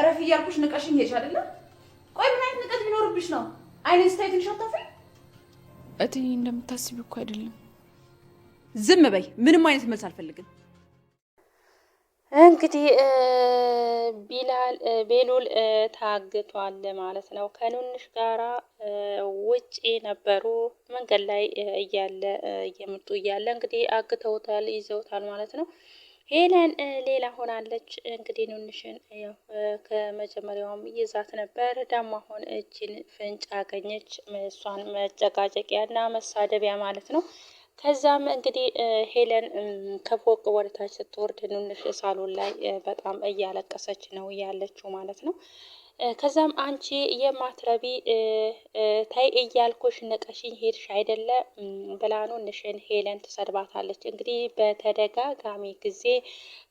እረፍ እያልኩሽ ንቀሽኝ ሄድሽ አይደለ? ቆይ ምን አይነት ንቀት ሊኖርብሽ ነው? አይነት ስታይትን ሸታፊ እትዬ እንደምታስቢ እኮ አይደለም። ዝም በይ። ምንም አይነት መልስ አልፈልግም። እንግዲህ ቢላል ቤሉል ታግቷል ማለት ነው። ከኑንሽ ጋራ ውጪ ነበሩ መንገድ ላይ እያለ እየመጡ እያለ እንግዲህ አግተውታል፣ ይዘውታል ማለት ነው። ሄለን ሌላ ሆናለች። እንግዲህ ኑንሽን ከመጀመሪያውም ይዛት ነበር። ዳማ አሁን እጅን ፍንጭ አገኘች። እሷን መጨቃጨቂያ እና መሳደቢያ ማለት ነው። ከዛም እንግዲህ ሄለን ከፎቅ ወደታች ስትወርድ ኑንሽ ሳሎን ላይ በጣም እያለቀሰች ነው ያለችው ማለት ነው። ከዛም አንቺ የማትረቢ ታይ እያልኩሽ ንቀሽኝ ሄድሽ አይደለ ብላኑ ንሽን ሄለን ትሰድባታለች። እንግዲህ በተደጋጋሚ ጊዜ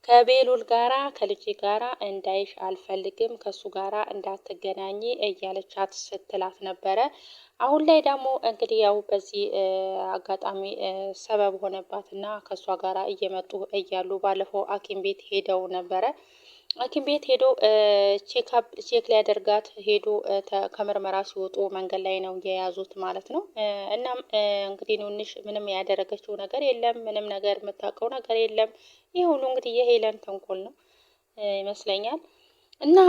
ከቤሉል ጋራ ከልጅ ጋራ እንዳይሽ አልፈልግም ከሱ ጋራ እንዳትገናኝ እያለቻት ስትላት ነበረ። አሁን ላይ ደግሞ እንግዲህ ያው በዚህ አጋጣሚ ሰበብ ሆነባትና ከእሷ ጋራ እየመጡ እያሉ ባለፈው ሐኪም ቤት ሄደው ነበረ ሐኪም ቤት ሄዶ ቼክአፕ ቼክ ሊያደርጋት ሄዶ ከምርመራ ሲወጡ መንገድ ላይ ነው የያዙት ማለት ነው። እናም እንግዲህ ኑንሽ ምንም ያደረገችው ነገር የለም፣ ምንም ነገር የምታውቀው ነገር የለም። ይህ ሁሉ እንግዲህ የሄለን ተንኮል ነው ይመስለኛል። እና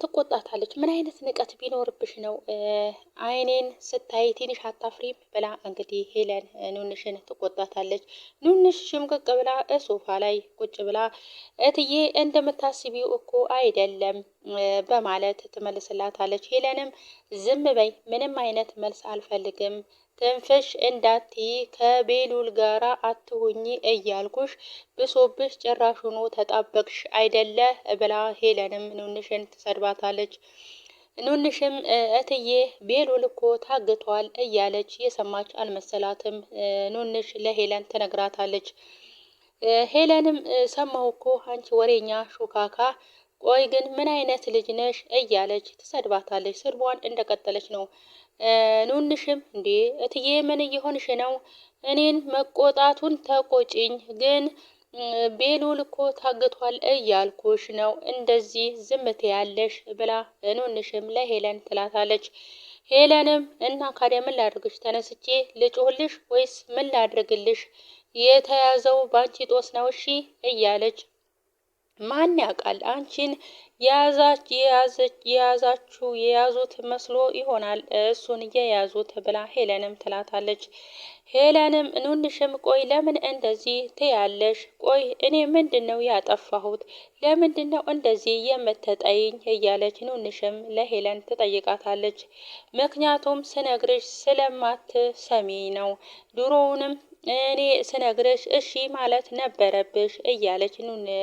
ትቆጣታለች። ምን አይነት ንቀት ቢኖርብሽ ነው አይኔን ስታይ ትንሽ አታፍሪም? ብላ እንግዲህ ሄለን ኑንሽን ትቆጣታለች። ኑንሽ ሽምቅቅ ብላ ሶፋ ላይ ቁጭ ብላ እትዬ እንደምታስቢው እኮ አይደለም በማለት ትመልስላታለች። ሄለንም ዝም በይ፣ ምንም አይነት መልስ አልፈልግም ተንፈሽ እንዳትይ ከቤሉል ጋራ አትሁኚ እያልኩሽ ብሶብሽ ጭራሹኑ ተጣበቅሽ አይደለ ብላ ሄለንም ኑንሽን ትሰድባታለች። ኑንሽም እትዬ ቤሉል እኮ ታግቷል እያለች የሰማች አልመሰላትም። ኑንሽ ለሄለን ትነግራታለች። ሄለንም ሰማሁ እኮ አንቺ ወሬኛ ሹካካ፣ ቆይ ግን ምን አይነት ልጅ ነሽ እያለች ትሰድባታለች። ስድቧን እንደቀጠለች ነው። ኑንሽም እንዴ እትዬ ምን እየሆንሽ ነው? እኔን መቆጣቱን ተቆጭኝ ግን ቤሉል እኮ ታግቷል እያልኩሽ ነው እንደዚህ ዝምት ያለሽ ብላ ኑንሽም ለሄለን ትላታለች። ሄለንም እና ካዲያ ምን ላድርግሽ? ተነስቼ ልጮህልሽ ወይስ ምን ላድርግልሽ? የተያዘው ባንቺ ጦስ ነው እሺ እያለች ማን ያውቃል አንቺን የያዛች የያዛችሁ የያዙት መስሎ ይሆናል እሱን የያዙት ብላ ሄለንም ትላታለች። ሄለንም ኑንሽም ቆይ ለምን እንደዚህ ትያለሽ? ቆይ እኔ ምንድን ነው ያጠፋሁት? ለምንድን ነው እንደዚህ የምትጠይኝ? እያለች ኑንሽም ለሄለን ትጠይቃታለች። ምክንያቱም ስነግርሽ ስለማትሰሚ ነው ድሮውንም እኔ ስነግርሽ እሺ ማለት ነበረብሽ እያለች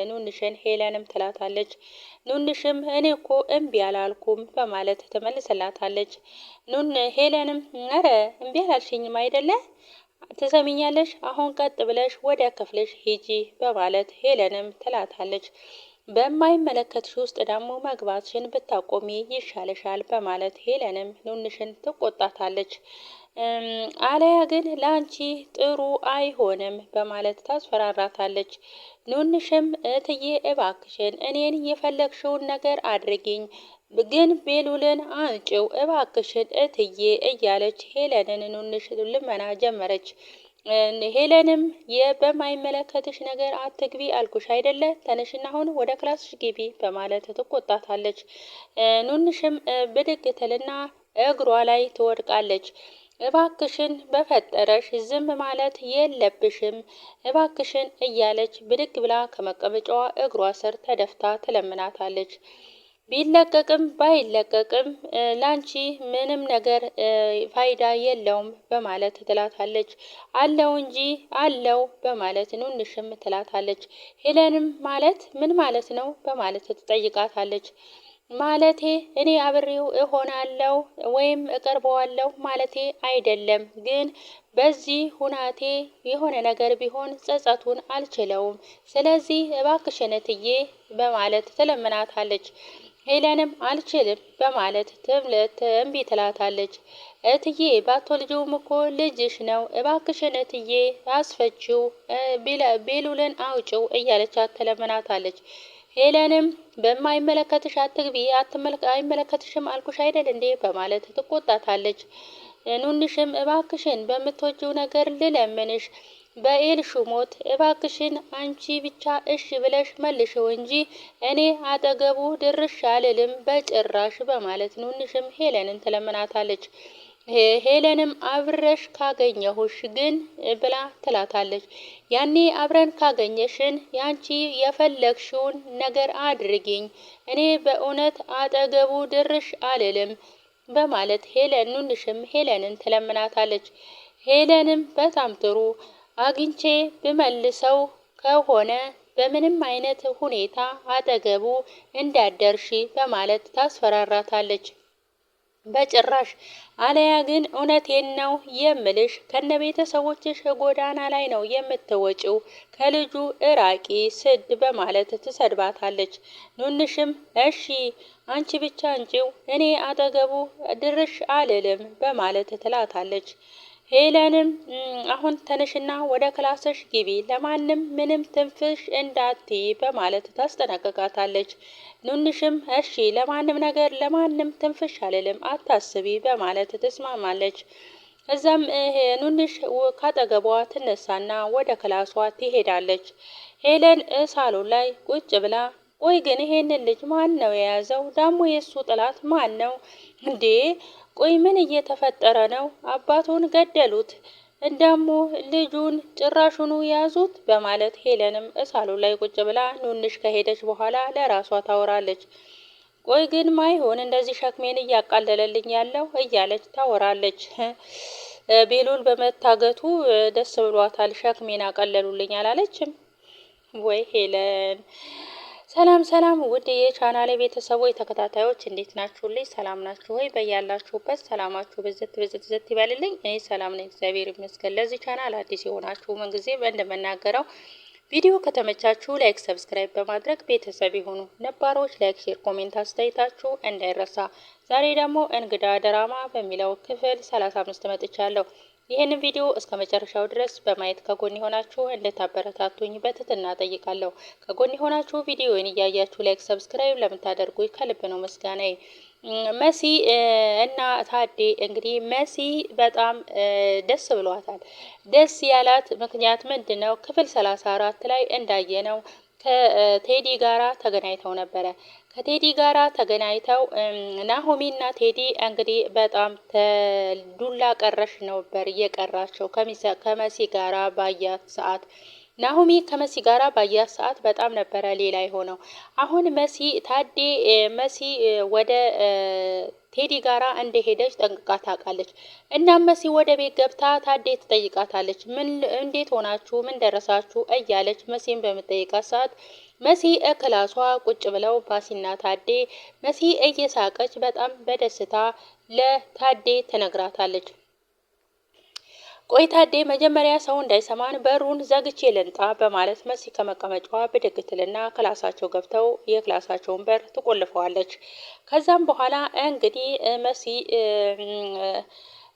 ኑንሽን ሄለንም ትላታለች። ኑንሽም እኔ እኮ እምቢ አላልኩም በማለት ትመልስላታለች። ኑን ሄለንም ኧረ እምቢ አላልሽኝም አይደለ ትሰሚኛለሽ? አሁን ቀጥ ብለሽ ወደ ክፍልሽ ሂጂ በማለት ሄለንም ትላታለች። በማይመለከትሽ ውስጥ ደግሞ መግባትሽን ብታቆሚ ይሻልሻል በማለት ሄለንም ኑንሽን ትቆጣታለች። አለያ ግን ለአንቺ ጥሩ አይሆንም በማለት ታስፈራራታለች። ኑንሽም እትዬ እባክሽን እኔን የፈለግሽውን ነገር አድርጊኝ ግን ቤሉልን አንጭው እባክሽን እትዬ እያለች ሄለንን ኑንሽ ልመና ጀመረች። ሄለንም የበማይመለከትሽ ነገር አትግቢ አልኩሽ አይደለ? ተነሽና አሁን ወደ ክላስሽ ግቢ በማለት ትቆጣታለች። ኑንሽም ብድግ ትልና እግሯ ላይ ትወድቃለች። እባክሽን በፈጠረሽ ዝም ማለት የለብሽም እባክሽን እያለች ብድግ ብላ ከመቀመጫዋ እግሯ ስር ተደፍታ ትለምናታለች። ቢለቀቅም ባይለቀቅም ላንቺ ምንም ነገር ፋይዳ የለውም በማለት ትላታለች። አለው እንጂ አለው በማለት ኑንሽም ትላታለች። ሄለንም ማለት ምን ማለት ነው በማለት ትጠይቃታለች። ማለቴ እኔ አብሬው እሆናለሁ ወይም እቀርበዋለሁ ማለቴ አይደለም። ግን በዚህ ሁናቴ የሆነ ነገር ቢሆን ጸጸቱን አልችለውም። ስለዚህ እባክሽ እትዬ በማለት ትለምናታለች። ሄለንም አልችልም በማለት እምቢ ትላታለች። እትዬ ባቶ እኮ ልጅሽ ነው እባክሽን እትዬ አስፈችው፣ ቤሉልን አውጭው እያለቻት ትለምናታለች። ሄለንም በማይመለከትሽ አትግቢ፣ አይመለከትሽም አልኩሽ አይደል እንዴ በማለት ትቆጣታለች። ኑንሽም እባክሽን በምትወጂው ነገር ልለምንሽ በኤልሹ ሞት እባክሽን አንቺ ብቻ እሺ ብለሽ መልሽው እንጂ እኔ አጠገቡ ድርሻ አልልም በጭራሽ በማለት ኑንሽም ሄለንን ትለምናታለች። ሄለንም አብረሽ ካገኘሁሽ ግን ብላ ትላታለች። ያኔ አብረን ካገኘሽን ያንቺ የፈለግሽውን ነገር አድርጊኝ፣ እኔ በእውነት አጠገቡ ድርሽ አልልም በማለት ሄለን ኑንሽም ሄለንን ትለምናታለች። ሄለንም በጣም ጥሩ አግኝቼ ብመልሰው ከሆነ በምንም አይነት ሁኔታ አጠገቡ እንዳደርሺ በማለት ታስፈራራታለች። በጭራሽ አለያ ግን እውነቴን ነው የምልሽ ከነ ቤተሰቦችሽ ጎዳና ላይ ነው የምትወጪው ከልጁ እራቂ ስድ በማለት ትሰድባታለች ኑንሽም እሺ አንቺ ብቻ እንጪው እኔ አጠገቡ ድርሽ አልልም በማለት ትላታለች ሄለንም አሁን ተነሽና ወደ ክላስሽ ግቢ፣ ለማንም ምንም ትንፍሽ እንዳትይ በማለት ታስጠነቅቃታለች። ኑንሽም እሺ ለማንም ነገር ለማንም ትንፍሽ አልልም አታስቢ በማለት ትስማማለች። እዛም ኑንሽ ካጠገቧ ትነሳና ወደ ክላሷ ትሄዳለች። ሄለን ሳሎን ላይ ቁጭ ብላ ቆይ ግን ይሄንን ልጅ ማን ነው የያዘው? ዳሞ የእሱ ጥላት ማን ነው እንዴ? ቆይ ምን እየተፈጠረ ነው? አባቱን ገደሉት እንዳሞ ልጁን ጭራሹኑ ያዙት በማለት ሄለንም እሳሉ ላይ ቁጭ ብላ ኑንሽ ከሄደች በኋላ ለራሷ ታወራለች። ቆይ ግን ማይሆን እንደዚህ ሸክሜን እያቃለለልኝ ያለው እያለች ታወራለች። ቤሉል በመታገቱ ደስ ብሏታል። ሸክሜን አቀለሉልኝ አላለችም ወይ ሄለን? ሰላም ሰላም ውድ የቻናሌ ቤተሰቦች ተከታታዮች እንዴት ናችሁልኝ? ሰላም ናችሁ ወይ? በያላችሁበት ሰላማችሁ ብዝት ብዝት ዝት ይበልልኝ። እኔ ሰላም ነኝ፣ እግዚአብሔር ይመስገን። ለዚህ ቻናል አዲስ የሆናችሁ ምንጊዜ እንደምናገረው ቪዲዮ ከተመቻችሁ ላይክ፣ ሰብስክራይብ በማድረግ ቤተሰብ የሆኑ ነባሮች ላይክ፣ ሼር፣ ኮሜንት አስተያየታችሁ እንዳይረሳ። ዛሬ ደግሞ እንግዳ ድራማ በሚለው ክፍል ሰላሳ አምስት መጥቻለሁ። ይህንን ቪዲዮ እስከ መጨረሻው ድረስ በማየት ከጎን የሆናችሁ እንድታበረታቱኝ በትህትና ጠይቃለሁ። ከጎን የሆናችሁ ቪዲዮን እያያችሁ ላይክ፣ ሰብስክራይብ ለምታደርጉ ከልብ ነው ምስጋናዬ። መሲ እና ታዴ እንግዲህ መሲ በጣም ደስ ብሏታል። ደስ ያላት ምክንያት ምንድን ነው? ክፍል ሰላሳ አራት ላይ ነው ከቴዲ ጋራ ተገናኝተው ነበረ። ከቴዲ ጋራ ተገናኝተው ናሆሚ እና ቴዲ እንግዲህ በጣም ዱላ ቀረሽ ነበር እየቀራቸው ከመሲ ጋራ ባያት ሰዓት ናሆሚ ከመሲ ጋራ ባያት ሰዓት በጣም ነበረ ሌላ የሆነው። አሁን መሲ ታዴ መሲ ወደ ቴዲ ጋራ እንደሄደች ጠንቅቃ ታውቃለች። እናም መሲ ወደ ቤት ገብታ ታዴ ትጠይቃታለች። ምን እንዴት ሆናችሁ ምን ደረሳችሁ እያለች መሲን በምጠይቃት ሰዓት መሲ እክላሷ ቁጭ ብለው ባሲና ታዴ መሲ እየሳቀች በጣም በደስታ ለታዴ ትነግራታለች። ቆይ ታዴ መጀመሪያ ሰው እንዳይሰማን በሩን ዘግቼ ልንጣ በማለት መሲ ከመቀመጫዋ ብድግ ትልና ክላሳቸው ገብተው የክላሳቸውን በር ትቆልፈዋለች። ከዛም በኋላ እንግዲህ መሲ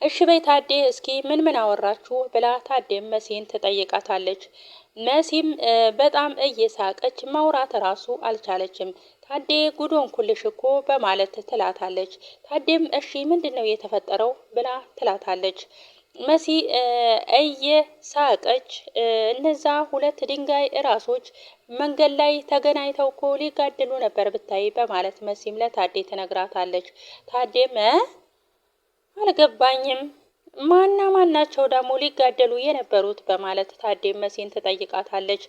እሺ በይ ታዴ እስኪ ምን ምን አወራችሁ ብላ ታዴም መሲን ትጠይቃታለች። መሲም በጣም እየሳቀች ማውራት ራሱ አልቻለችም። ታዴ ጉዶን ኩልሽ እኮ በማለት ትላታለች። ታዴም እሺ ምንድን ነው የተፈጠረው ብላ ትላታለች። መሲ እየሳቀች እነዛ ሁለት ድንጋይ ራሶች መንገድ ላይ ተገናኝተው እኮ ሊጋደሉ ነበር ብታይ በማለት መሲም ለታዴ ትነግራታለች። ታዴም አልገባኝም ማና ማናቸው ደግሞ ሊጋደሉ የነበሩት በማለት ታዴም መሲን ትጠይቃታለች።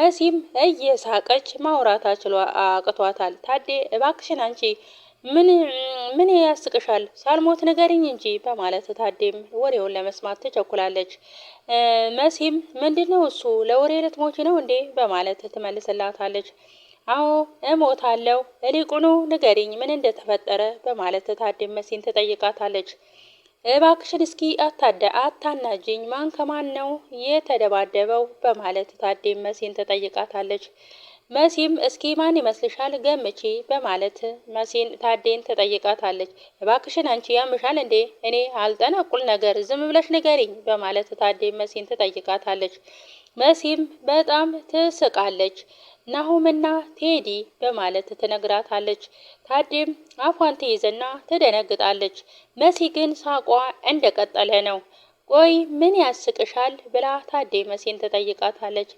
መሲም እየሳቀች ማውራት አቅቷታል። ታዴ እባክሽን አንቺ ምን ምን ያስቅሻል? ሳልሞት ንገሪኝ እንጂ በማለት ታዴም ወሬውን ለመስማት ትቸኩላለች። መሲም ምንድን ነው እሱ ለወሬ ልትሞች ነው እንዴ? በማለት ትመልስላታለች። አዎ እሞታለሁ፣ እሊቁኑ ንገሪኝ ምን እንደተፈጠረ በማለት ታዴም መሲን ትጠይቃታለች። እባክሽን እስኪ አታደ አታናጅኝ ማን ከማን ነው የተደባደበው? በማለት ታዴም መሲን ትጠይቃታለች። መሲም እስኪ ማን ይመስልሻል ገምቺ በማለት መሲን ታዴን ተጠይቃታለች። እባክሽን አንቺ ያምሻል እንዴ እኔ አልጠነቁል ነገር ዝም ብለሽ ንገሪኝ በማለት ታዴ መሲን ትጠይቃታለች። መሲም በጣም ትስቃለች። ናሁምና ቴዲ በማለት ትነግራታለች። ታዴም አፏን ትይዝና ትደነግጣለች። መሲ ግን ሳቋ እንደቀጠለ ነው። ቆይ ምን ያስቅሻል ብላ ታዴ መሲን ትጠይቃታለች።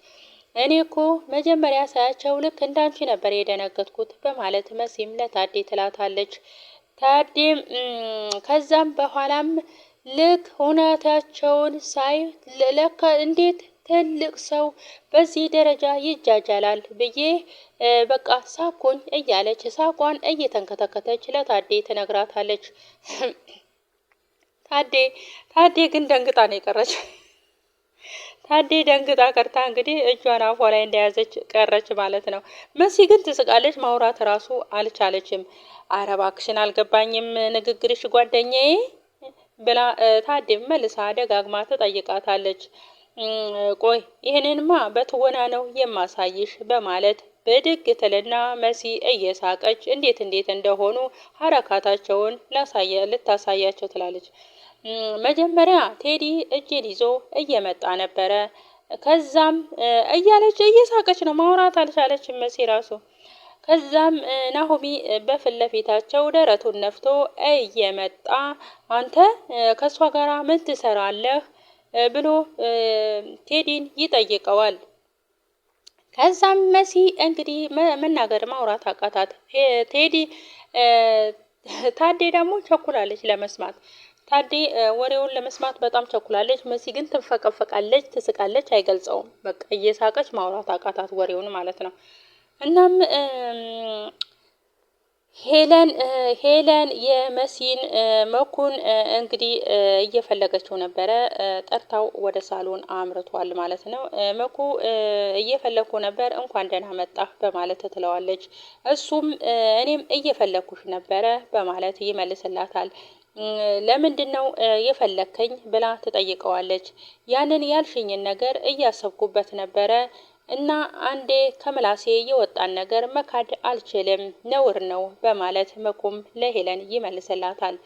እኔ እኮ መጀመሪያ ሳያቸው ልክ እንዳንቺ ነበር የደነገጥኩት በማለት መሲም ለታዴ ትላታለች። ታዴ ከዛም በኋላም ልክ እውነታቸውን ሳይ ለካ እንዴት ትልቅ ሰው በዚህ ደረጃ ይጃጃላል ብዬ በቃ ሳኩኝ እያለች ሳቋን እየተንከተከተች ለታዴ ትነግራታለች። ታዴ ታዴ ግን ደንግጣ ነው የቀረች። ታዲ ደንግጣ ቀርታ እንግዲህ እጇን አፏ ላይ እንደያዘች ቀረች ማለት ነው። መሲ ግን ትስቃለች፣ ማውራት ራሱ አልቻለችም። አረ እባክሽን አልገባኝም ንግግርሽ ጓደኛዬ ብላ ታዴም መልሳ ደጋግማ ትጠይቃታለች። ቆይ ይህንንማ በትወና ነው የማሳይሽ በማለት ብድግ ትልና መሲ እየሳቀች እንዴት እንዴት እንደሆኑ ሀረካታቸውን ልታሳያቸው ትላለች። መጀመሪያ ቴዲ እጄን ይዞ እየመጣ ነበረ። ከዛም እያለች እየሳቀች ነው፣ ማውራት አልቻለች መሲ ራሱ። ከዛም ናሆሚ በፊት ለፊታቸው ደረቱን ነፍቶ እየመጣ አንተ ከእሷ ጋር ምን ትሰራለህ ብሎ ቴዲን ይጠይቀዋል። ከዛም መሲ እንግዲህ መናገር ማውራት አቃታት። ቴዲ ታዴ ደግሞ ቸኩላለች ለመስማት ታዴ ወሬውን ለመስማት በጣም ቸኩላለች። መሲ ግን ትንፈቀፈቃለች፣ ትስቃለች፣ አይገልጸውም። በቃ እየሳቀች ማውራት አቃታት ወሬውን ማለት ነው። እናም ሄለን ሄለን የመሲን መኩን እንግዲህ እየፈለገችው ነበረ። ጠርታው ወደ ሳሎን አምርቷል ማለት ነው። መኩ እየፈለግኩ ነበር እንኳን ደህና መጣህ በማለት ትለዋለች። እሱም እኔም እየፈለግኩሽ ነበረ በማለት ይመልስላታል። ለምንድን ነው የፈለከኝ ብላ ትጠይቀዋለች። ያንን ያልሽኝን ነገር እያሰብኩበት ነበረ እና አንዴ ከምላሴ የወጣን ነገር መካድ አልችልም፣ ነውር ነው በማለት መኩም ለሄለን ይመልስላታል።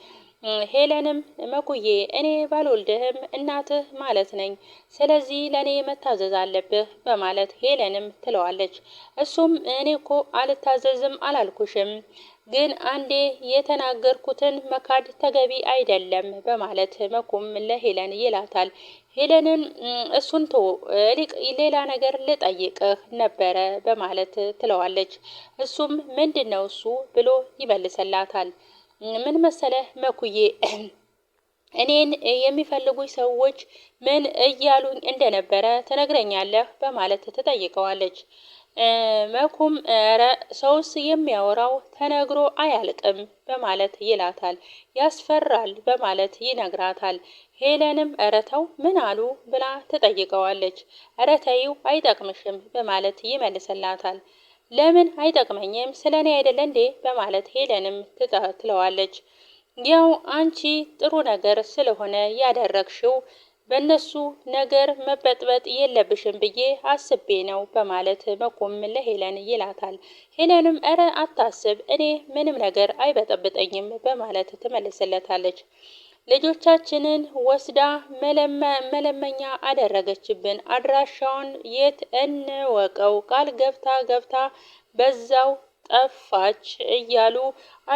ሄለንም መኩዬ እኔ ባልወልድህም እናትህ ማለት ነኝ፣ ስለዚህ ለእኔ መታዘዝ አለብህ በማለት ሄለንም ትለዋለች። እሱም እኔ እኮ አልታዘዝም አላልኩሽም ግን አንዴ የተናገርኩትን መካድ ተገቢ አይደለም በማለት መኩም ለሄለን ይላታል። ሄለንን እሱን ቶ ሌላ ነገር ልጠይቅህ ነበረ በማለት ትለዋለች። እሱም ምንድን ነው እሱ ብሎ ይመልስላታል። ምን መሰለህ መኩዬ እኔን የሚፈልጉኝ ሰዎች ምን እያሉኝ እንደነበረ ትነግረኛለህ በማለት ትጠይቀዋለች። መኩም ኧረ ሰውስ የሚያወራው ተነግሮ አያልቅም በማለት ይላታል። ያስፈራል በማለት ይነግራታል። ሄለንም ኧረ ተው ምን አሉ ብላ ትጠይቀዋለች። ኧረ ተይው አይጠቅምሽም በማለት ይመልስላታል። ለምን አይጠቅመኝም? ስለ እኔ አይደለ እንዴ? በማለት ሄለንም ትለዋለች። ያው አንቺ ጥሩ ነገር ስለሆነ ያደረግሽው በእነሱ ነገር መበጥበጥ የለብሽም ብዬ አስቤ ነው በማለት መቆም ለሄለን ይላታል። ሄለንም እረ አታስብ፣ እኔ ምንም ነገር አይበጠብጠኝም በማለት ትመልስለታለች። ልጆቻችንን ወስዳ መለመኛ አደረገችብን። አድራሻውን የት እንወቀው? ቃል ገብታ ገብታ በዛው ጠፋች እያሉ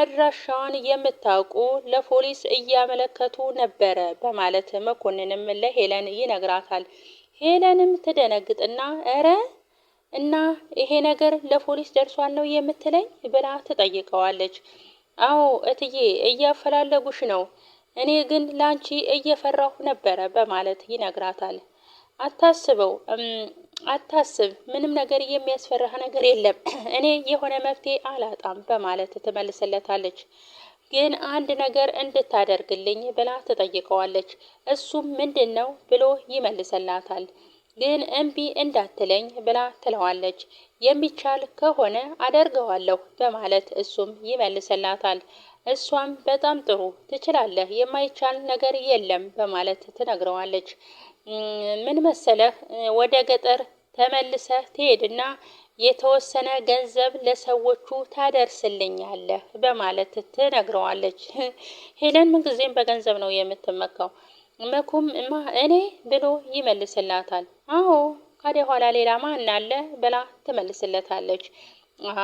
አድራሻዋን የምታውቁ ለፖሊስ እያመለከቱ ነበረ በማለት መኮንንም ለሄለን ይነግራታል። ሄለንም ትደነግጥና እረ እና ይሄ ነገር ለፖሊስ ደርሷል ነው የምትለኝ ብላ ትጠይቀዋለች። አዎ እትዬ እያፈላለጉሽ ነው እኔ ግን ላንቺ እየፈራሁ ነበረ በማለት ይነግራታል። አታስበው አታስብ፣ ምንም ነገር የሚያስፈራህ ነገር የለም። እኔ የሆነ መፍትሄ አላጣም በማለት ትመልስለታለች። ግን አንድ ነገር እንድታደርግልኝ ብላ ትጠይቀዋለች። እሱም ምንድን ነው ብሎ ይመልስላታል። ግን እምቢ እንዳትለኝ ብላ ትለዋለች። የሚቻል ከሆነ አደርገዋለሁ በማለት እሱም ይመልስላታል። እሷም በጣም ጥሩ ትችላለህ፣ የማይቻል ነገር የለም በማለት ትነግረዋለች። ምን መሰለህ ወደ ገጠር ተመልሰህ ትሄድና የተወሰነ ገንዘብ ለሰዎቹ ታደርስልኛለህ በማለት ትነግረዋለች። ሄለን ምንጊዜም በገንዘብ ነው የምትመካው። መኩም እማ እኔ ብሎ ይመልስላታል። አዎ ካዲያ ኋላ ሌላ ማን አለ ብላ ትመልስለታለች።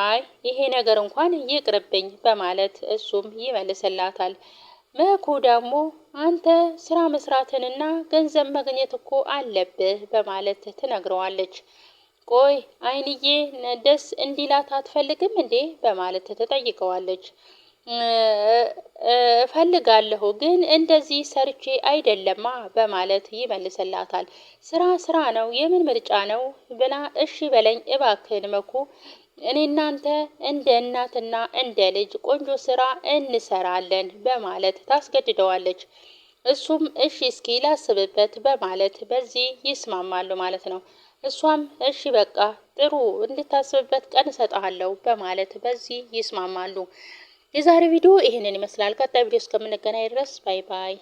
አይ ይሄ ነገር እንኳን ይቅርብኝ በማለት እሱም ይመልስላታል። መኩ ደግሞ አንተ ስራ መስራትንና ገንዘብ መግኘት እኮ አለብህ በማለት ትነግረዋለች። ቆይ አይንዬ ደስ እንዲላት አትፈልግም እንዴ በማለት ትጠይቀዋለች። እፈልጋለሁ ግን እንደዚህ ሰርቼ አይደለማ በማለት ይመልስላታል። ስራ ስራ ነው የምን ምርጫ ነው ብላ እሺ በለኝ እባክን መኩ እኔ እናንተ እንደ እናትና እንደ ልጅ ቆንጆ ስራ እንሰራለን በማለት ታስገድደዋለች። እሱም እሺ እስኪ ላስብበት በማለት በዚህ ይስማማሉ ማለት ነው። እሷም እሺ በቃ ጥሩ እንድታስብበት ቀን እሰጥሃለሁ በማለት በዚህ ይስማማሉ። የዛሬ ቪዲዮ ይህንን ይመስላል። ቀጣይ ቪዲዮ እስከምንገናኝ ድረስ ባይ ባይ።